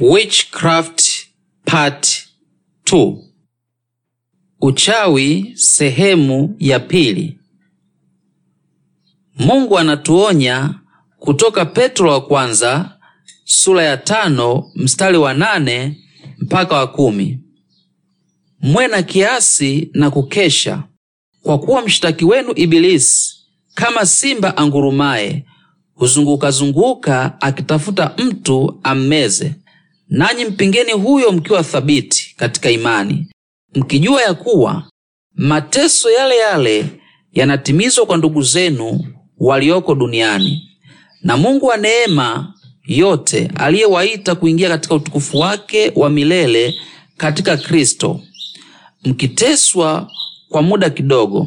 Witchcraft Part 2. Uchawi sehemu ya pili. Mungu anatuonya kutoka Petro wa kwanza sura ya tano mstari wa nane mpaka wa kumi. Mwe na kiasi na kukesha, kwa kuwa mshtaki wenu Ibilisi kama simba angurumaye huzunguka zunguka akitafuta mtu ammeze nanyi mpingeni huyo mkiwa thabiti katika imani, mkijua ya kuwa mateso yale yale yanatimizwa kwa ndugu zenu walioko duniani. Na Mungu wa neema yote aliyewaita kuingia katika utukufu wake wa milele katika Kristo, mkiteswa kwa muda kidogo,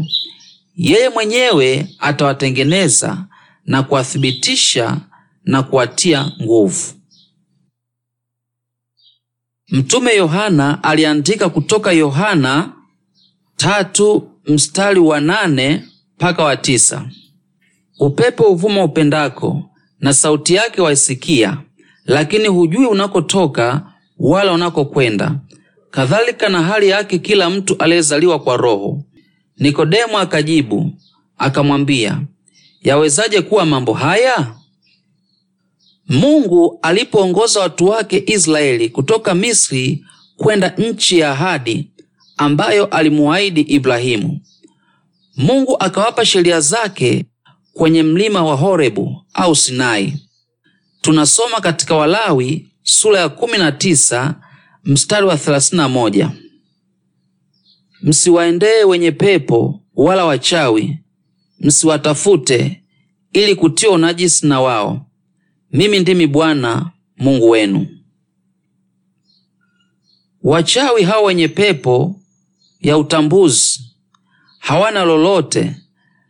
yeye mwenyewe atawatengeneza na kuwathibitisha na kuwatia nguvu. Mtume Yohana aliandika kutoka Yohana tatu mstari wa nane mpaka wa tisa. Upepo uvuma upendako na sauti yake waisikia, lakini hujui unakotoka wala unakokwenda. Kadhalika na hali yake kila mtu aliyezaliwa kwa Roho. Nikodemo akajibu akamwambia, yawezaje kuwa mambo haya? Mungu alipoongoza watu wake Israeli kutoka Misri kwenda nchi ya ahadi ambayo alimuahidi Ibrahimu, Mungu akawapa sheria zake kwenye mlima wa Horebu au Sinai. Tunasoma katika Walawi sura ya 19 mstari wa 31, msiwaendee wenye pepo wala wachawi, msiwatafute ili kutiwa unajisi na wao mimi ndimi Bwana Mungu wenu. Wachawi hawa wenye pepo ya utambuzi hawana lolote,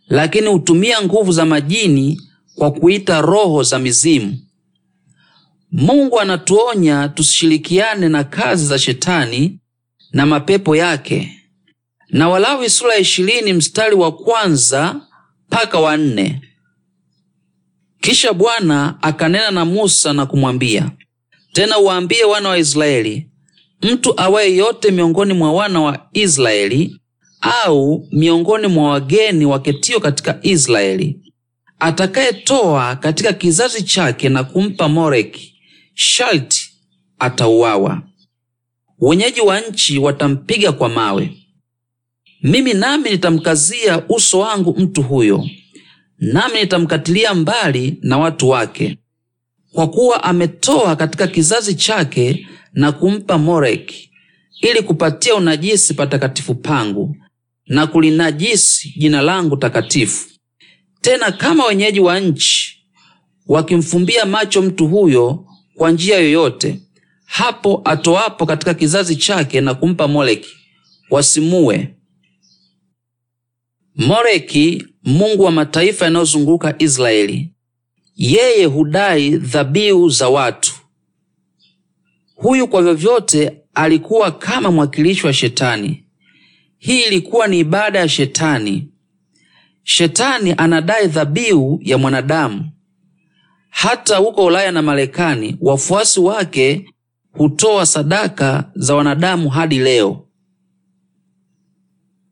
lakini hutumia nguvu za majini kwa kuita roho za mizimu. Mungu anatuonya tusishirikiane na kazi za shetani na mapepo yake, na Walawi sura ya ishirini mstari wa kwanza mpaka wa nne. Kisha Bwana akanena na Musa na kumwambia, tena uwaambiye wana wa Israeli, mtu awaye yote miongoni mwa wana wa Israeli au miongoni mwa wageni waketio katika Israeli, atakayetoa katika kizazi chake na kumpa moreki shalti atauawa. Wenyeji wa nchi watampiga kwa mawe. Mimi nami nitamkazia uso wangu mtu huyo nami nitamkatilia mbali na watu wake, kwa kuwa ametoa katika kizazi chake na kumpa Moleki, ili kupatia unajisi patakatifu pangu na kulinajisi jina langu takatifu. Tena kama wenyeji wa nchi wakimfumbia macho mtu huyo kwa njia yoyote, hapo atoapo katika kizazi chake na kumpa Moleki, wasimue. Moleki Mungu wa mataifa yanayozunguka Israeli, yeye hudai dhabihu za watu. Huyu kwa vyovyote alikuwa kama mwakilishi wa Shetani. Hii ilikuwa ni ibada ya Shetani. Shetani anadai dhabihu ya mwanadamu. Hata huko Ulaya na Marekani, wafuasi wake hutoa sadaka za wanadamu hadi leo.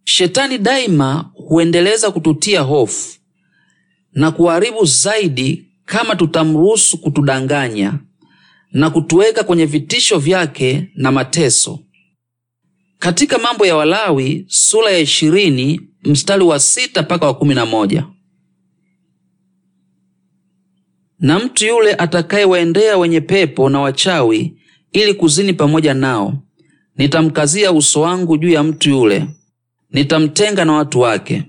Shetani daima huendeleza kututia hofu na kuharibu zaidi kama tutamruhusu kutudanganya na kutuweka kwenye vitisho vyake na mateso. Katika Mambo ya Walawi sura ya 20 mstari wa 6 mpaka wa 11. Na mtu yule atakayewaendea wenye pepo na wachawi ili kuzini pamoja nao, nitamkazia uso wangu juu ya mtu yule nitamtenga na watu wake.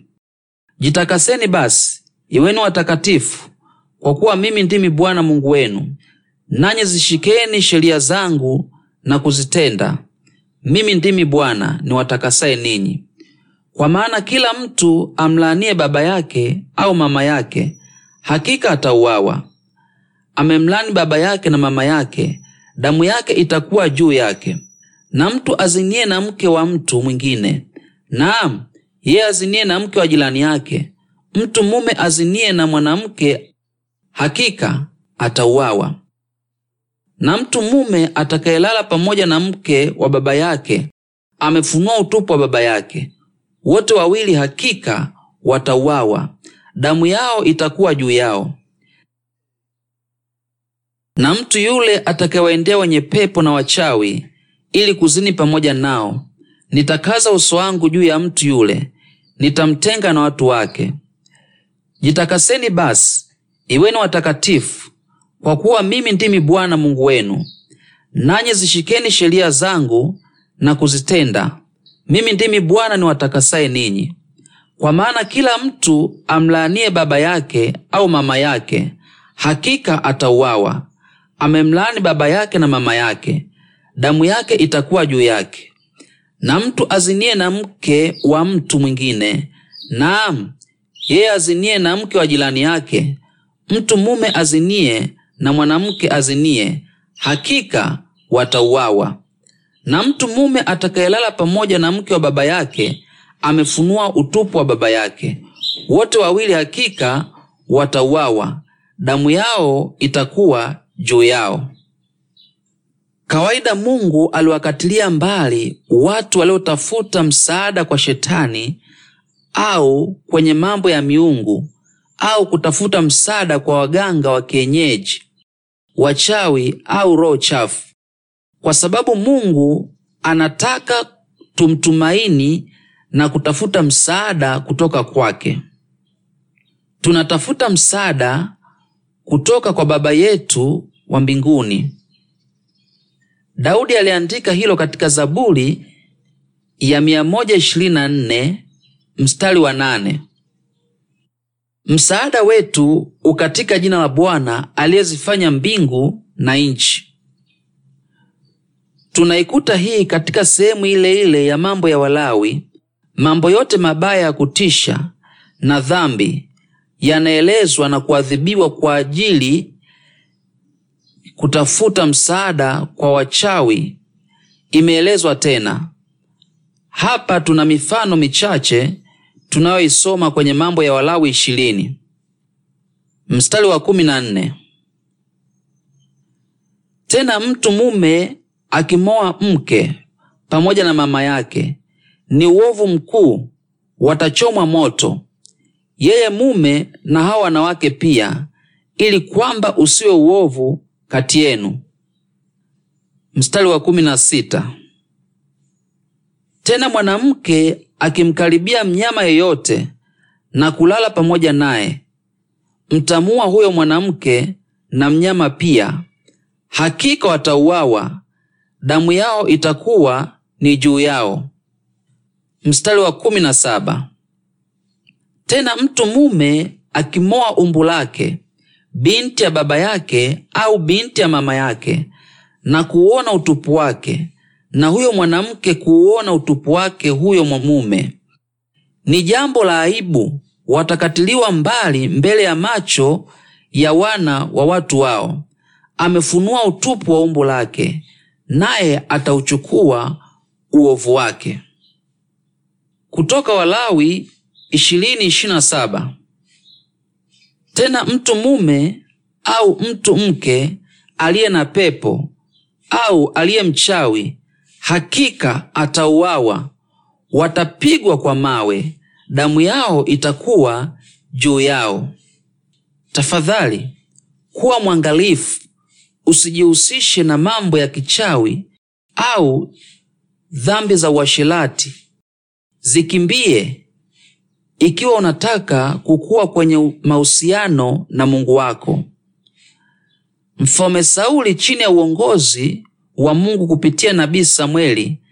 Jitakaseni basi, iweni watakatifu, kwa kuwa mimi ndimi Bwana Mungu wenu, nanyi zishikeni sheria zangu na kuzitenda. Mimi ndimi Bwana niwatakasaye ninyi. Kwa maana kila mtu amlaniye baba yake au mama yake, hakika atauawa. Amemlani baba yake na mama yake, damu yake itakuwa juu yake. Na mtu aziniye na mke wa mtu mwingine Naam, yeye azinie na mke wa jirani yake. Mtu mume azinie na mwanamke, hakika atauawa. Na mtu mume atakayelala pamoja na mke wa baba yake amefunua utupu wa baba yake. Wote wawili hakika watauawa, damu yao itakuwa juu yao. Na mtu yule atakayewaendea wenye pepo na wachawi ili kuzini pamoja nao Nitakaza uso wangu juu ya mtu yule, nitamtenga na watu wake. Jitakaseni basi, iweni watakatifu, kwa kuwa mimi ndimi Bwana Mungu wenu. Nanyi zishikeni sheria zangu na kuzitenda. Mimi ndimi Bwana niwatakasaye ninyi. Kwa maana kila mtu amlaaniye baba yake au mama yake, hakika atauawa. Amemlaani baba yake na mama yake, damu yake itakuwa juu yake na mtu azinie na mke wa mtu mwingine, naam, yeye azinie na mke wa jirani yake, mtu mume azinie na mwanamke azinie, hakika watauawa. Na mtu mume atakayelala pamoja na mke wa baba yake amefunua utupu wa baba yake, wote wawili hakika watauawa, damu yao itakuwa juu yao. Kawaida Mungu aliwakatilia mbali watu waliotafuta msaada kwa shetani au kwenye mambo ya miungu au kutafuta msaada kwa waganga wa kienyeji, wachawi au roho chafu, kwa sababu Mungu anataka tumtumaini na kutafuta msaada kutoka kwake. Tunatafuta msaada kutoka kwa Baba yetu wa mbinguni. Daudi aliandika hilo katika Zaburi ya 124 mstari wa nane. Msaada wetu ukatika jina la Bwana aliyezifanya mbingu na nchi. Tunaikuta hii katika sehemu ile ile ya mambo ya Walawi. Mambo yote mabaya ya kutisha na dhambi yanaelezwa na kuadhibiwa kwa ajili kutafuta msaada kwa wachawi imeelezwa tena. Hapa tuna mifano michache tunayoisoma kwenye Mambo ya Walawi ishirini mstari wa kumi na nne tena mtu mume akimoa mke pamoja na mama yake ni uovu mkuu, watachomwa moto, yeye mume na hawa wanawake pia, ili kwamba usiwe uovu kati yenu. Mstari wa kumi na sita. Tena mwanamke akimkaribia mnyama yeyote na kulala pamoja naye, mtamua huyo mwanamke na mnyama pia, hakika watauawa, damu yao itakuwa ni juu yao. Mstari wa kumi na saba. Tena mtu mume akimoa umbu lake binti ya baba yake au binti ya mama yake na kuona utupu wake, na huyo mwanamke kuona utupu wake huyo mwamume ni jambo la aibu, watakatiliwa mbali mbele ya macho ya wana wa watu wao. Amefunua utupu wa umbo lake, naye atauchukua uovu wake. Kutoka Walawi tena mtu mume au mtu mke aliye na pepo au aliye mchawi, hakika atauawa, watapigwa kwa mawe, damu yao itakuwa juu yao. Tafadhali kuwa mwangalifu, usijihusishe na mambo ya kichawi au dhambi za uashilati zikimbie ikiwa unataka kukua kwenye mahusiano na Mungu wako. Mfalme Sauli chini ya uongozi wa Mungu kupitia nabii Samweli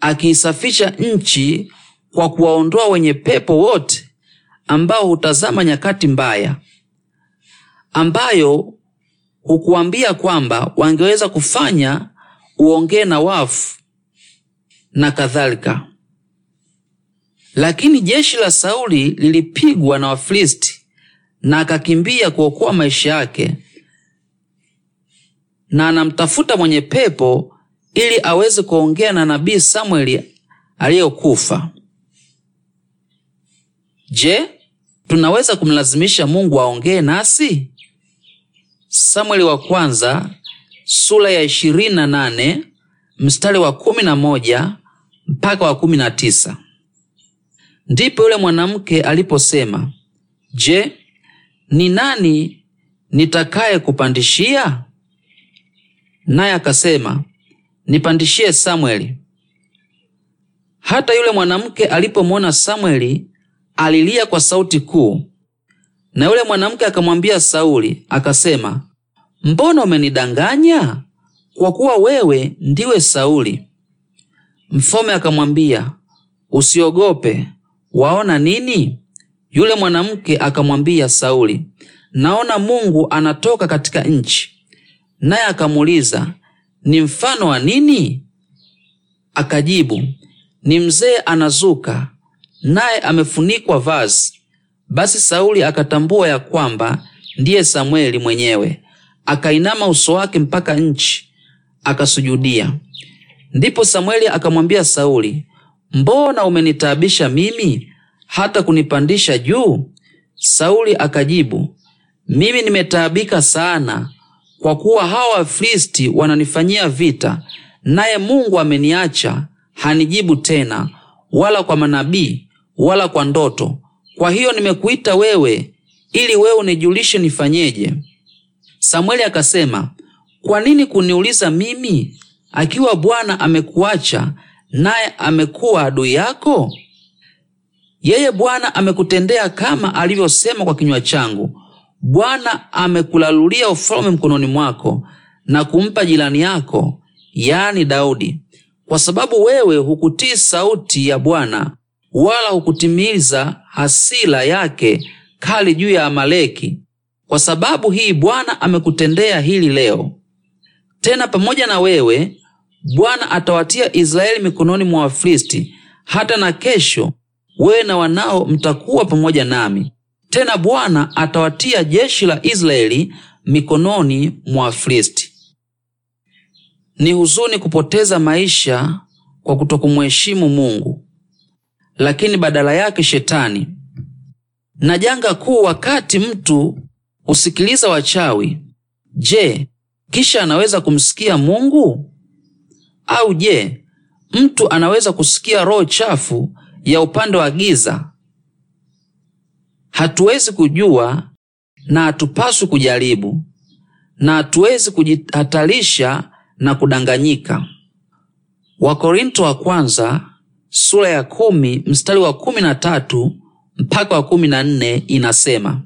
akiisafisha nchi kwa kuwaondoa wenye pepo wote ambao hutazama nyakati mbaya, ambayo hukuambia kwamba wangeweza kufanya uongee na wafu na kadhalika. Lakini jeshi la Sauli lilipigwa na Wafilisti na akakimbia kuokoa maisha yake, na anamtafuta mwenye pepo ili aweze kuongea na nabii Samueli aliyokufa Je, tunaweza kumlazimisha Mungu aongee nasi? Samueli wa kwanza sura ya 28 mstari wa 11 mpaka wa 19. Ndipo yule mwanamke aliposema, Je, ni nani nitakaye kupandishia? Naye akasema, nipandishie Samweli. Hata yule mwanamke alipomwona Samweli alilia kwa sauti kuu. Na yule mwanamke akamwambia Sauli akasema, mbona umenidanganya? Kwa kuwa wewe ndiwe Sauli. Mfalme akamwambia, usiogope, waona nini? Yule mwanamke akamwambia Sauli, naona Mungu anatoka katika nchi. Naye akamuuliza, ni mfano wa nini? Akajibu, ni mzee anazuka, naye amefunikwa vazi. Basi Sauli akatambua ya kwamba ndiye Samweli mwenyewe, akainama uso wake mpaka nchi, akasujudia. Ndipo Samweli akamwambia Sauli, mbona umenitaabisha mimi hata kunipandisha juu? Sauli akajibu, mimi nimetaabika sana, kwa kuwa hawa Wafilisti wananifanyia vita, naye Mungu ameniacha hanijibu tena, wala kwa manabii wala kwa ndoto. Kwa hiyo nimekuita wewe ili wewe unijulishe nifanyeje. Samueli akasema, kwa nini kuniuliza mimi? Akiwa Bwana amekuacha naye amekuwa adui yako? Yeye Bwana amekutendea kama alivyosema kwa kinywa changu. Bwana amekulalulia ufalme mkononi mwako na kumpa jirani yako, yaani Daudi, kwa sababu wewe hukutii sauti ya Bwana wala hukutimiza hasira yake kali juu ya Amaleki. Kwa sababu hii Bwana amekutendea hili leo. Tena pamoja na wewe Bwana atawatia Israeli mikononi mwa Wafilisti, hata na kesho wewe na wanao mtakuwa pamoja nami. Tena Bwana atawatia jeshi la Israeli mikononi mwa Wafilisti. Ni huzuni kupoteza maisha kwa kutokumheshimu Mungu, lakini badala yake Shetani. Na janga kuu wakati mtu husikiliza wachawi, je, kisha anaweza kumsikia Mungu? Au je, mtu anaweza kusikia roho chafu ya upande wa giza? Hatuwezi kujua na hatupaswi kujaribu na hatuwezi kujihatarisha na kudanganyika. Wakorinto wa kwanza sura ya kumi mstari wa kumi na tatu mpaka wa kumi na nne inasema,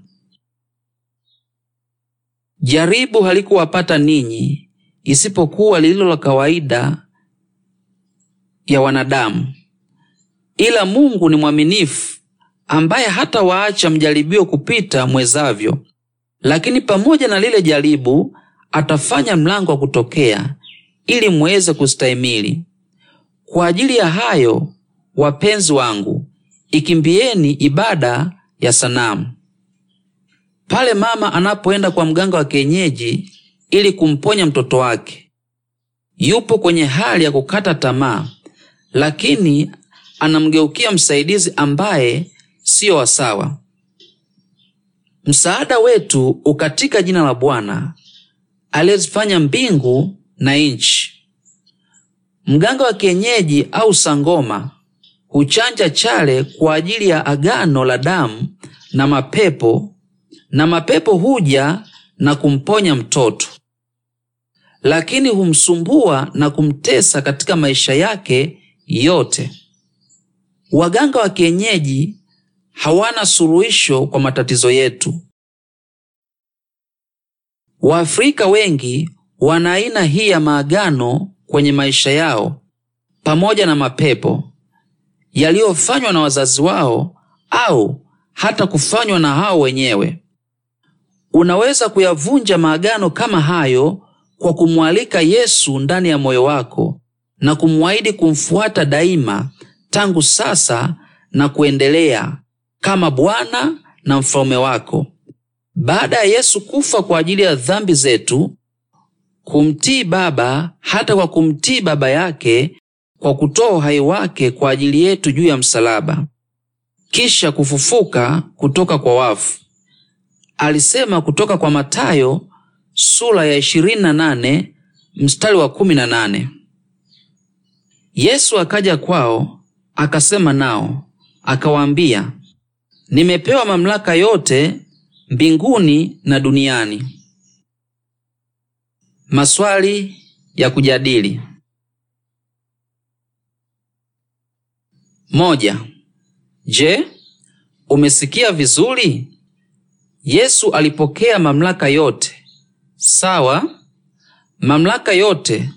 jaribu halikuwapata ninyi isipokuwa lililo la kawaida ya wanadamu, ila Mungu ni mwaminifu, ambaye hata waacha mjaribio kupita mwezavyo, lakini pamoja na lile jaribu atafanya mlango wa kutokea, ili muweze kustahimili. Kwa ajili ya hayo, wapenzi wangu, ikimbieni ibada ya sanamu. Pale mama anapoenda kwa mganga wa kienyeji ili kumponya mtoto wake, yupo kwenye hali ya kukata tamaa lakini anamgeukia msaidizi ambaye siyo wasawa. Msaada wetu ukatika jina la Bwana aliyezifanya mbingu na nchi. Mganga wa kienyeji au sangoma huchanja chale kwa ajili ya agano la damu na mapepo, na mapepo huja na kumponya mtoto, lakini humsumbua na kumtesa katika maisha yake yote. Waganga wa kienyeji hawana suluhisho kwa matatizo yetu. Waafrika wengi wana aina hii ya maagano kwenye maisha yao, pamoja na mapepo yaliyofanywa na wazazi wao au hata kufanywa na hao wenyewe. Unaweza kuyavunja maagano kama hayo kwa kumwalika Yesu ndani ya moyo wako na kumwahidi kumfuata daima tangu sasa na kuendelea kama Bwana na mfalme wako. Baada ya Yesu kufa kwa ajili ya dhambi zetu, kumtii Baba hata kwa kumtii Baba yake kwa kutoa uhai wake kwa ajili yetu juu ya msalaba, kisha kufufuka kutoka kwa wafu. Alisema kutoka kwa Matayo sura ya 28 mstari wa 18. Yesu akaja kwao akasema nao akawaambia, nimepewa mamlaka yote mbinguni na duniani. Maswali ya kujadili: Moja. Je, umesikia vizuri? Yesu alipokea mamlaka yote sawa, mamlaka yote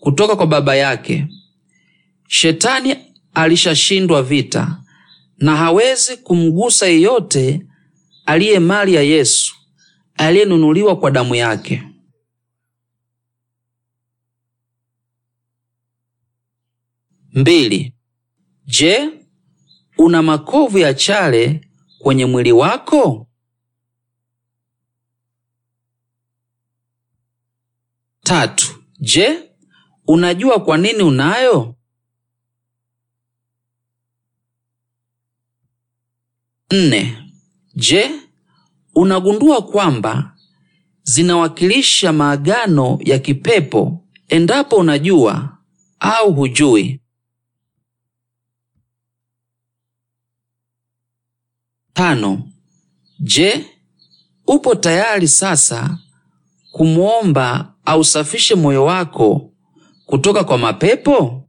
kutoka kwa Baba yake Shetani alishashindwa vita na hawezi kumgusa yeyote aliye mali ya Yesu aliyenunuliwa kwa damu yake. Mbili. Je, una makovu ya chale kwenye mwili wako? Tatu. Je, unajua kwa nini unayo? Nne, je, unagundua kwamba zinawakilisha maagano ya kipepo endapo unajua au hujui? Tano, je, upo tayari sasa kumwomba ausafishe moyo wako kutoka kwa mapepo?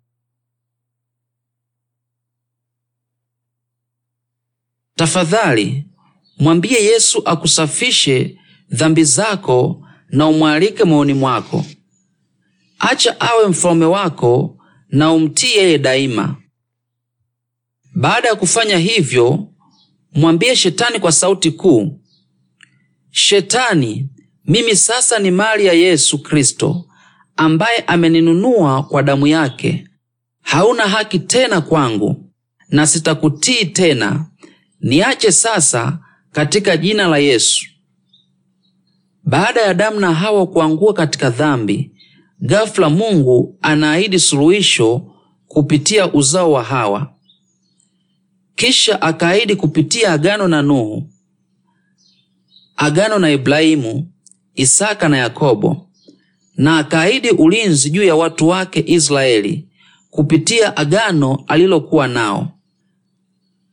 Tafadhali mwambie Yesu akusafishe dhambi zako na umwalike moyoni mwako. Acha awe mfalume wako na umtii yeye daima. Baada ya kufanya hivyo, mwambie Shetani kwa sauti kuu, Shetani, mimi sasa ni mali ya Yesu Kristo ambaye ameninunua kwa damu yake. Hauna haki tena kwangu, na sitakutii tena. Niache sasa katika jina la Yesu. Baada ya Adamu na Hawa kuangua katika dhambi, ghafla Mungu anaahidi suluhisho kupitia uzao wa Hawa. Kisha akaahidi kupitia agano na Nuhu, agano na Ibrahimu, Isaka na Yakobo, na akaahidi ulinzi juu ya watu wake Israeli kupitia agano alilokuwa nao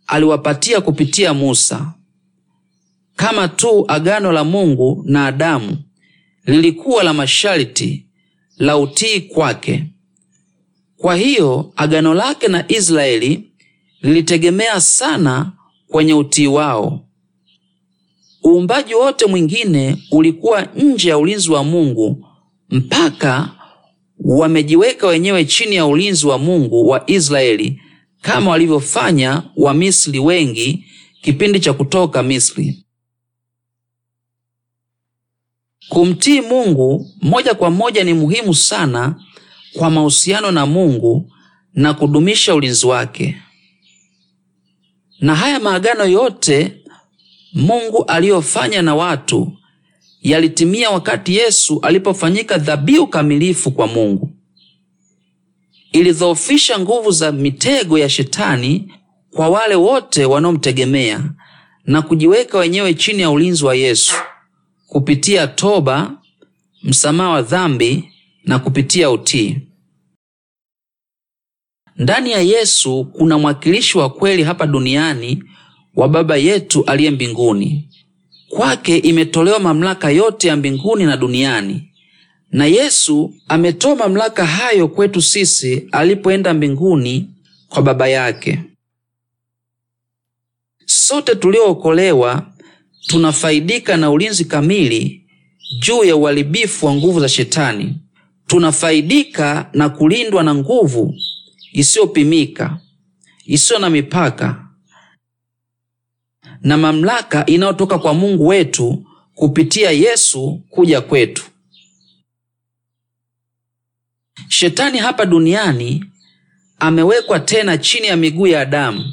aliwapatia kupitia Musa. Kama tu agano la Mungu na Adamu lilikuwa la masharti la utii kwake, kwa hiyo agano lake na Israeli lilitegemea sana kwenye utii wao. Uumbaji wote mwingine ulikuwa nje ya ulinzi wa Mungu mpaka wamejiweka wenyewe chini ya ulinzi wa Mungu wa Israeli kama walivyofanya Wamisri wengi kipindi cha kutoka Misri. Kumtii Mungu moja kwa moja ni muhimu sana kwa mahusiano na Mungu na kudumisha ulinzi wake. Na haya maagano yote Mungu aliyofanya na watu yalitimia wakati Yesu alipofanyika dhabihu kamilifu kwa Mungu ilidhoofisha nguvu za mitego ya Shetani kwa wale wote wanaomtegemea na kujiweka wenyewe chini ya ulinzi wa Yesu kupitia toba, msamaha wa dhambi na kupitia utii. Ndani ya Yesu kuna mwakilishi wa kweli hapa duniani wa Baba yetu aliye mbinguni. Kwake imetolewa mamlaka yote ya mbinguni na duniani na Yesu ametoa mamlaka hayo kwetu sisi alipoenda mbinguni kwa Baba yake. Sote tuliookolewa tunafaidika na ulinzi kamili juu ya uharibifu wa nguvu za Shetani. Tunafaidika na kulindwa na nguvu isiyopimika, isiyo na mipaka na mamlaka inayotoka kwa Mungu wetu kupitia Yesu kuja kwetu. Shetani hapa duniani amewekwa tena chini ya miguu ya Adamu,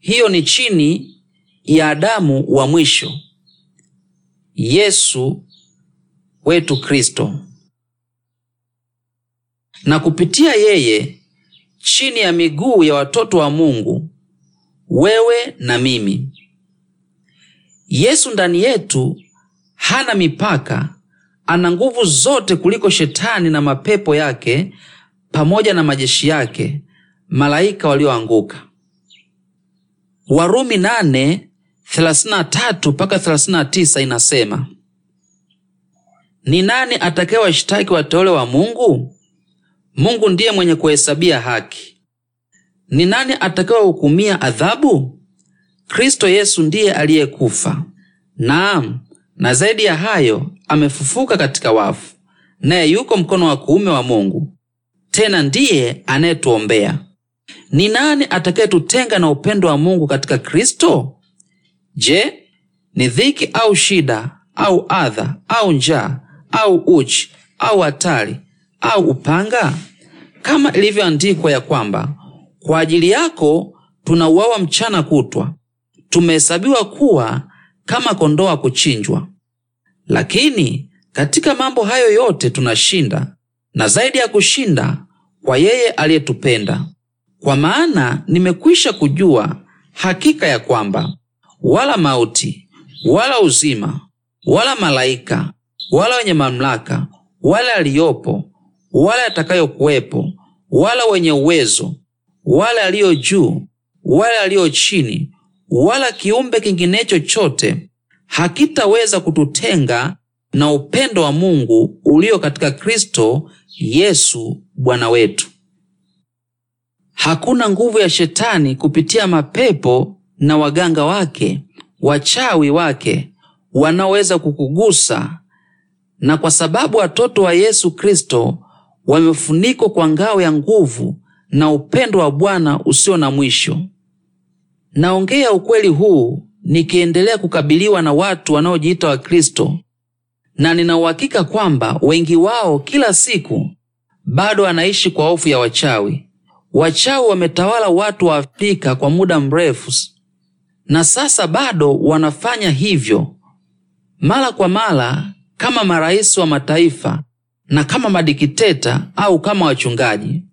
hiyo ni chini ya Adamu wa mwisho, Yesu wetu Kristo, na kupitia yeye chini ya miguu ya watoto wa Mungu, wewe na mimi. Yesu ndani yetu hana mipaka ana nguvu zote kuliko shetani na mapepo yake pamoja na majeshi yake malaika walioanguka. Warumi 8:33 mpaka 39 inasema, ni nani atakayewashitaki wateule wa Mungu? Mungu ndiye mwenye kuhesabia haki. Ni nani atakayewahukumia adhabu? Kristo Yesu ndiye aliyekufa, naam na zaidi ya hayo amefufuka katika wafu, naye yuko mkono wa kuume wa Mungu, tena ndiye anayetuombea. Ni nani atakayetutenga na upendo wa Mungu katika Kristo? Je, ni dhiki au shida au adha au njaa au uchi au hatari au upanga? Kama ilivyoandikwa ya kwamba kwa ajili yako tunauawa mchana kutwa, tumehesabiwa kuwa kama kondoa kuchinjwa. Lakini katika mambo hayo yote tunashinda, na zaidi ya kushinda, kwa yeye aliyetupenda. Kwa maana nimekwisha kujua hakika ya kwamba wala mauti wala uzima wala malaika wala wenye mamlaka wala yaliyopo wala yatakayokuwepo wala wenye uwezo wala yaliyo juu wala yaliyo chini wala kiumbe kingine chochote hakitaweza kututenga na upendo wa Mungu ulio katika Kristo Yesu Bwana wetu. Hakuna nguvu ya shetani kupitia mapepo na waganga wake, wachawi wake wanaoweza kukugusa, na kwa sababu watoto wa Yesu Kristo wamefunikwa kwa ngao ya nguvu na upendo wa Bwana usio na mwisho. Naongea ukweli huu nikiendelea kukabiliwa na watu wanaojiita Wakristo, na nina uhakika kwamba wengi wao kila siku bado anaishi kwa hofu ya wachawi. Wachawi wametawala watu wa Afrika kwa muda mrefu, na sasa bado wanafanya hivyo mara kwa mara, kama marais wa mataifa na kama madikiteta au kama wachungaji.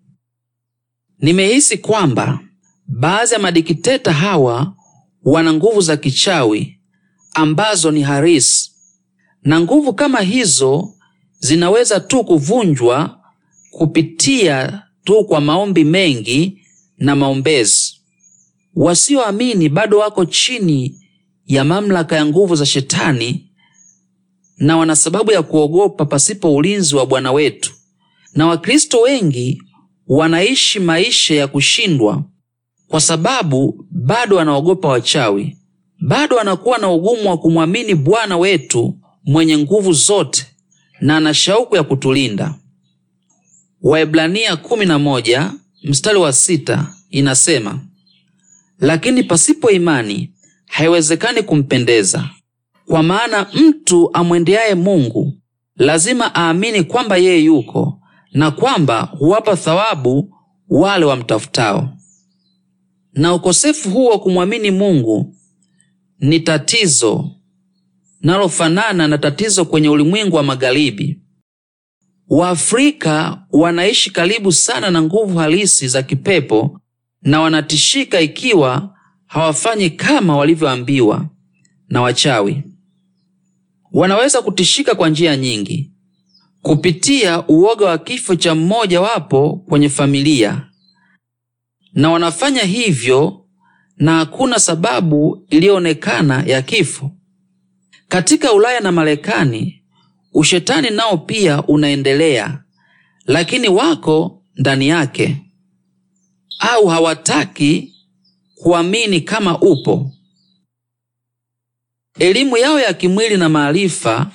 Nimehisi kwamba Baadhi ya madikiteta hawa wana nguvu za kichawi ambazo ni harisi, na nguvu kama hizo zinaweza tu kuvunjwa kupitia tu kwa maombi mengi na maombezi. Wasioamini bado wako chini ya mamlaka ya nguvu za Shetani na wana sababu ya kuogopa pasipo ulinzi wa Bwana wetu, na Wakristo wengi wanaishi maisha ya kushindwa kwa sababu bado anaogopa wachawi, bado anakuwa na ugumu wa kumwamini Bwana wetu mwenye nguvu zote na ana shauku ya kutulinda. Waebrania 11 mstari wa sita inasema, lakini pasipo imani haiwezekani kumpendeza, kwa maana mtu amwendeaye Mungu lazima aamini kwamba yeye yuko na kwamba huwapa thawabu wale wamtafutao. Na ukosefu huu wa kumwamini Mungu ni tatizo nalofanana na tatizo kwenye ulimwengu wa magharibi. Waafrika wanaishi karibu sana na nguvu halisi za kipepo na wanatishika ikiwa hawafanyi kama walivyoambiwa na wachawi. Wanaweza kutishika kwa njia nyingi kupitia uoga wa kifo cha mmoja wapo kwenye familia na wanafanya hivyo na hakuna sababu iliyoonekana ya kifo. Katika Ulaya na Marekani ushetani nao pia unaendelea, lakini wako ndani yake au hawataki kuamini kama upo. Elimu yao ya kimwili na maarifa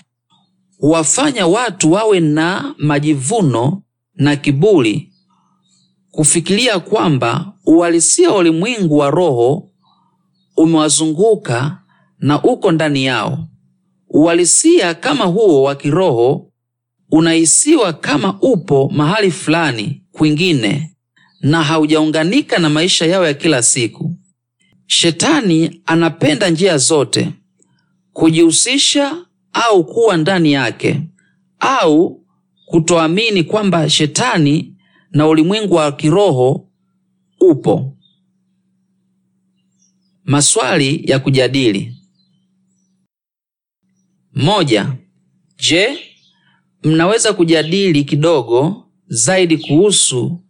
huwafanya watu wawe na majivuno na kiburi kufikiria kwamba uhalisia wa ulimwengu wa roho umewazunguka na uko ndani yao. Uhalisia kama huo wa kiroho unahisiwa kama upo mahali fulani kwingine na haujaunganika na maisha yao ya kila siku. Shetani anapenda njia zote kujihusisha au kuwa ndani yake au kutoamini kwamba shetani na ulimwengu wa kiroho upo. Maswali ya kujadili: moja. Je, mnaweza kujadili kidogo zaidi kuhusu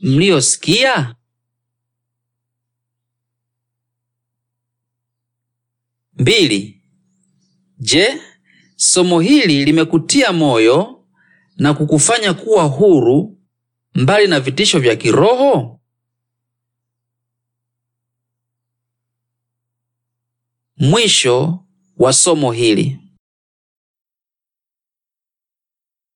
mliosikia? Mbili. Je, somo hili limekutia moyo na kukufanya kuwa huru mbali na vitisho vya kiroho? Mwisho wa somo hili.